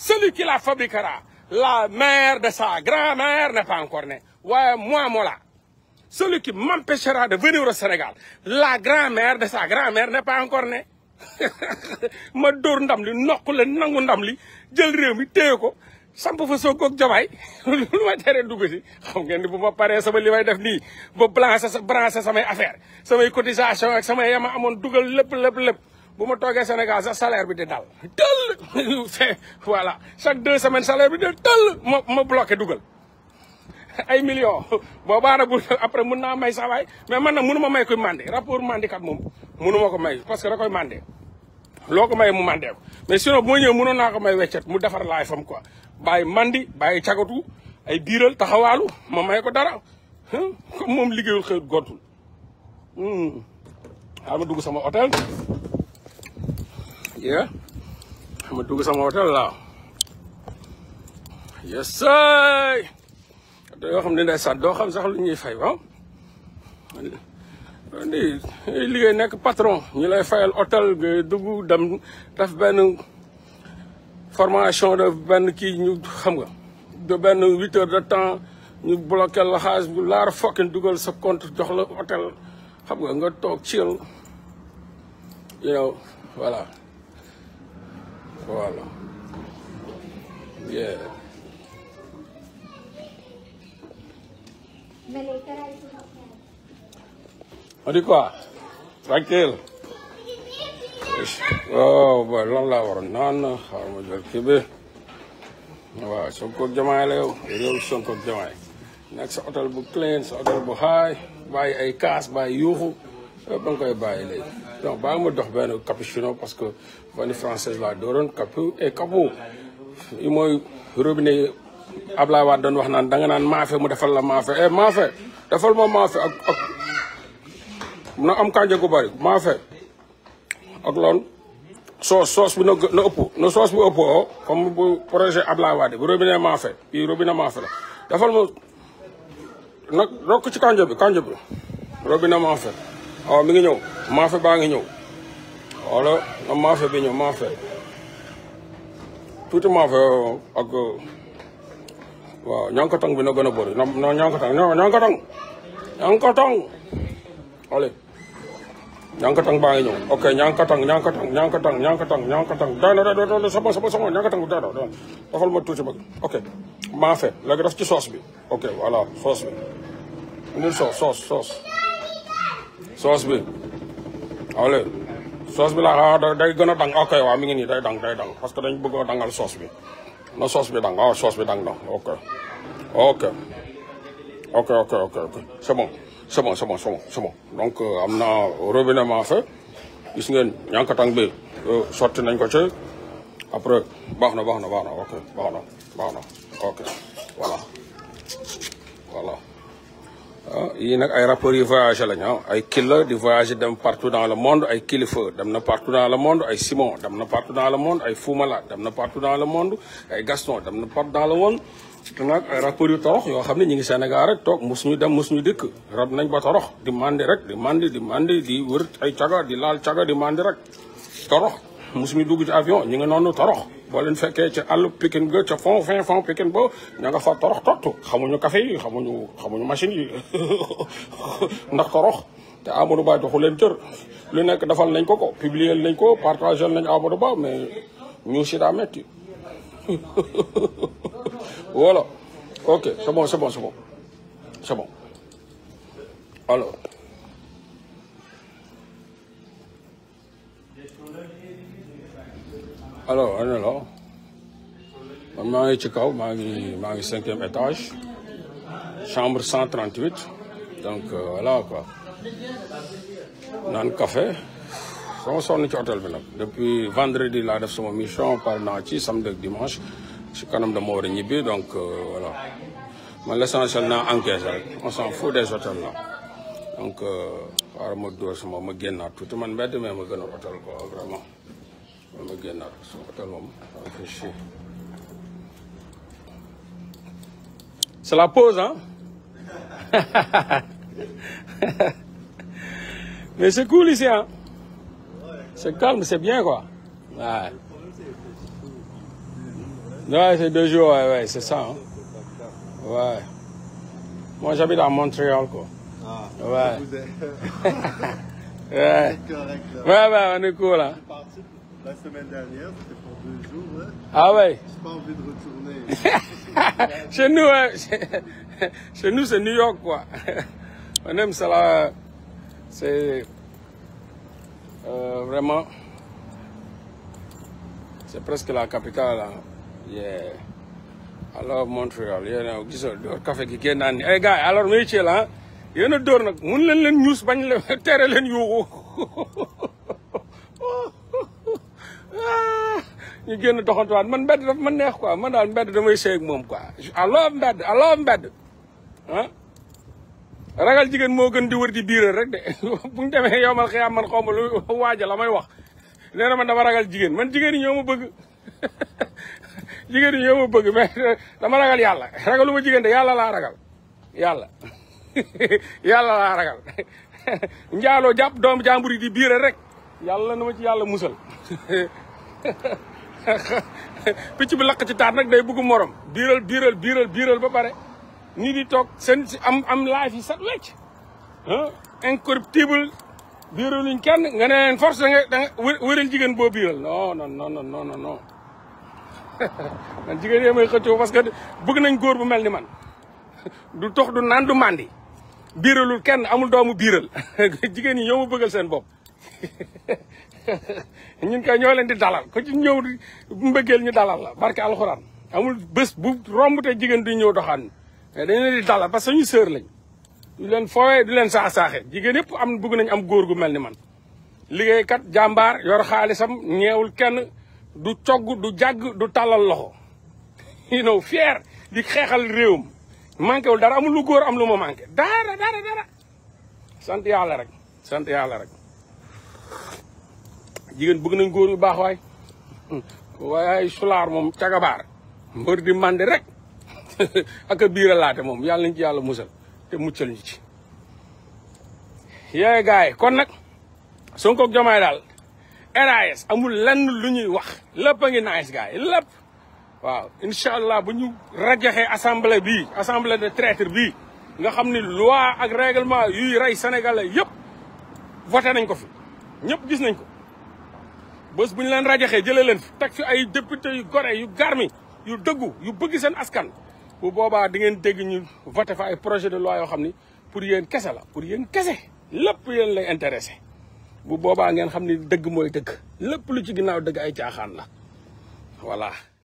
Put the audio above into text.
Celui qui la fabriquera, la mère de sa grand-mère n'est pas encore née. Ouais, moi, moi Celui qui m'empêchera de venir au Sénégal, la grand-mère de sa grand-mère n'est encore née. ma dóor ndam li nokk nangu ndam li jël réew mi téye ko samp fa soog ak jabaay lu ma teree dugg xam ngeen ni bu ma paree sama li may def nii ba blanché sa branché samay affaire samay cotisation ak samay yama amoon dugal lépp lépp lépp bu ma toogee Sénégal sax salaire bi di dal tëll voilà chaque deux semaines salaire bi di tëll ma ma dugal ay millions boobaa nag bu après mun naa may sax waay mais man na mënu ma may koy mandé rapport mandé kat moom mënu ma ko may parce que da koy loo ko maye mu mandé ko mais sinon bu ma ñëwee mënoon naa ko may weccet mu defar laay fam quoi bàyyi mandi bàyyi cagatu ay biiral taxawaalu ma may ko dara comme moom liggéeyul xëyut gontul hmm. xaaral ma dugg sama hôtel yeah ma dugg sama hôtel laa yes sir yoo xam ne ndeysaan doo xam sax lu ñuy fay waaw liggéey nekk patron ñu lay fayal hôtel nga dugg dem def benn formation de benn kii ñu xam nga de benn huit heures de temps ñu bloqué la xaalis bu laar fokkin dugal sa contre jox la hôtel xam nga nga toog chill you know Voilà. Yeah. On dit quoi tranquille waaw ba lan laa waroon naan xaar ma jël kii bi waaw Sonko ak Diomaye la yow yow Sonko ak Diomaye nekk sa hôtel bu clean sa hôtel bu xaay bàyyi ay kaas bàyyi yuuxu Euh, ba nga koy bàyyi léegi donc bàyyi ma dox benn parce que vanne française laa dooroon capu et capu i mooy robinet Ablaye Wade doon wax naan da nga naan maafe mu defal la maafe e maafe defal ma maafe ak am kànja gu bari maafe ak loon soos soos bi na ëpp na soos bi ëpp o oh, comme bu projet Ablaye Wade bu robinet maafe bii robinet maafe la defal ma nag rokk ci kànja bi kànja bi maafe waaw oh, mi ngi ñëw maafe baa ngi ñëw wala na maafe bi ñëw maafe tuuti maafe uh, ak uh, waaw ñankatang bi na gën a bëri na na ñankatang non ñankatang ñankatang ale ñankatang baa ngi ñëw ok ñankatang ñankatang ñankatang ñankatang ñankatang daana da doon sama sama sama ñankatang daana doon defal ma tuuti mag ok maafe léegi def ci soos bi ok voilà soos bi indil soos soos soos soos bi awle soos bi laa a day gën a dang ok waaw mi ngi nii day dang day dang parce que dañ bëgg a dangal soos bi na soos bi dang waaw ah, soos bi dang no ok ok ok ok ok ok c'est bon c'est donc euh, am na robinet maa fa ngeen ñànkatang bi euh, sotti nañ ko ci après baax na baax na baax na ok baax na waaw ah, yii nag ay rappeurs yu voyagé lañ ah. ay killa di voyagé dem partout dans le monde ay kilifa dem na partout dans le monde ay Simon dem na partout dans le monde ay Fumala dem na partout dans le monde ay Gaston dem na partout dans le monde ay rappeurs yu torox yoo xam ne ñi ngi Sénégal rek toog mosuñu dem mosuñu dikk rab nañ ba torox di mandi rek di mandi di mandi di ay caga di laal caga di mandi rek torox musuñu dugg ci avion ñu ngi noonu torox boo leen fekkee ca àll Pikine ga ca fond fin fond Pikine ba ña nga fa torox tott xamuñu café yi xamuñu xamuñu machine yi ndax torox te Amadou Ba joxu leen lu nekk defal nañ ko ko publier nañ ko partagé nañ Amadou Ba mais ñu si daa metti voilà ok c'est bon c'est bon c'est alo ana maa ngi ci kaw maa ngi maa ngi cinquième étage chambre 138 donc euh, voilà quoi naan café sama sonn ci hôtel bi nag depuis vendredi laa def sama mission par naa ci samedi ak dimanche ci kanam dama war a ñibbi donc euh, voilà man l'essentiel naa encaisse rek on s'en des hôtels là donc xaaral euh, ma dóor sama ma génnaat tuuti man mbedd mais ma gën hôtel quoi vraiment man ma génnaat parce que hôtel moom c'est la pause hein mais c'est cool ici hein c'est calme c'est bien quoi ouais ouais c'est deux jours ouais ouais c'est ça hein ouais moi j'habite à Montréal quoi ah. ouais ouais ouais ouais on est cool hein La semaine dernière, c'était pour deux jours. Hein. Ah ouais. J'ai pas envie de retourner. chez nous, hein, chez, chez nous, c'est New York, quoi. On aime ça là. C'est euh, vraiment. C'est presque la capitale. Hein. Yeah. I love Montreal. You know, gisoo door café gi génn naan ni ay eh, gars alors muy ci la yéen a door nag mun leen leen ñuus bañ leen tere leen yuuxu oh. Ah, ñu génn doxantuwaat man mbedd daf man neex ko man daal mbedd damay sëy ak moom quoi I love mbedd I mbedd ah ragal jigéen moo gën di wër di biiral rek de bu ñu demee yow man xëyaam man xaw ma lu waaja wax nee man dama ragal jigéen man jigéen ñi ñoo ma bëgg jigéen ñi bëgg mais dama ragal yàlla ragalu ma jigéen de yàlla laa ragal yàlla yàlla laa ragal njaaloo jàpp doom jàmbur yi di biiral rek yàlla na ma ci yàlla musal picc bi lakk ci taat nag day bëgg morom biiral biiral biiral biiral ba pare nii di toog seen am am laay fi sat wecc incorruptible biiraluñ kenn nga ne force da wëral jigéen boo biiral non non non non non non man jigéen yee xëccoo parce que bëgg nañ góor bu mel ni man du tox du naan du màndi biiralul kenn amul doomu biiral jigéen ñi ñoo bëggal seen bopp ñun kay ñoo leen di dalal ko ci ñëw mbëggeel ñu dalal la barke alxuraan amul bés bu romb te jigéen du ñëw doxaan mais eh, dañu leen di dalal parce que suñu sœur lañ du leen foowee du leen saax jigéen yëpp am bëgg nañ am góor gu mel ni man liggéeykat jàmbaar yor xaalisam ñeewul kenn du cogg du jàgg du tàllal loxo you know di xeexal réewam manqué wul dara amul lu góor am lu ma manqué dara dara dara sant yàlla rek sant yàlla rek jigéen bëgg nañ góor yu baax waay waaye sulaar moom cagabaar mbër di màndi rek ak a biir a laate moom yàlla nañ ci yàlla musal te muccal ñu ci yooyu kon nag Sonko ak Diomaye daal RAS amul lenn lu ñuy wax lépp ngi nice gars yi waaw incha allah bu ñu rajaxee assemblée bi assemblée de traître bii nga xam ni loi ak règlement yuy rey sénégalais yëpp voté nañ ko fi ñëpp gis nañ ko bés bu ñu leen rajaxee jëlee leen fi teg fi ay député yu gore yu garmi yu dëggu yu bëgg seen askan bu boobaa di ngeen dégg ñu voté fa ay projet de loi yoo xam ni pour yéen kese la pour yéen kese lépp yéen lay intéressé bu boobaa ngeen xam ni dëgg mooy dëgg lépp lu ci ginnaaw dëgg ay caaxaan la voilà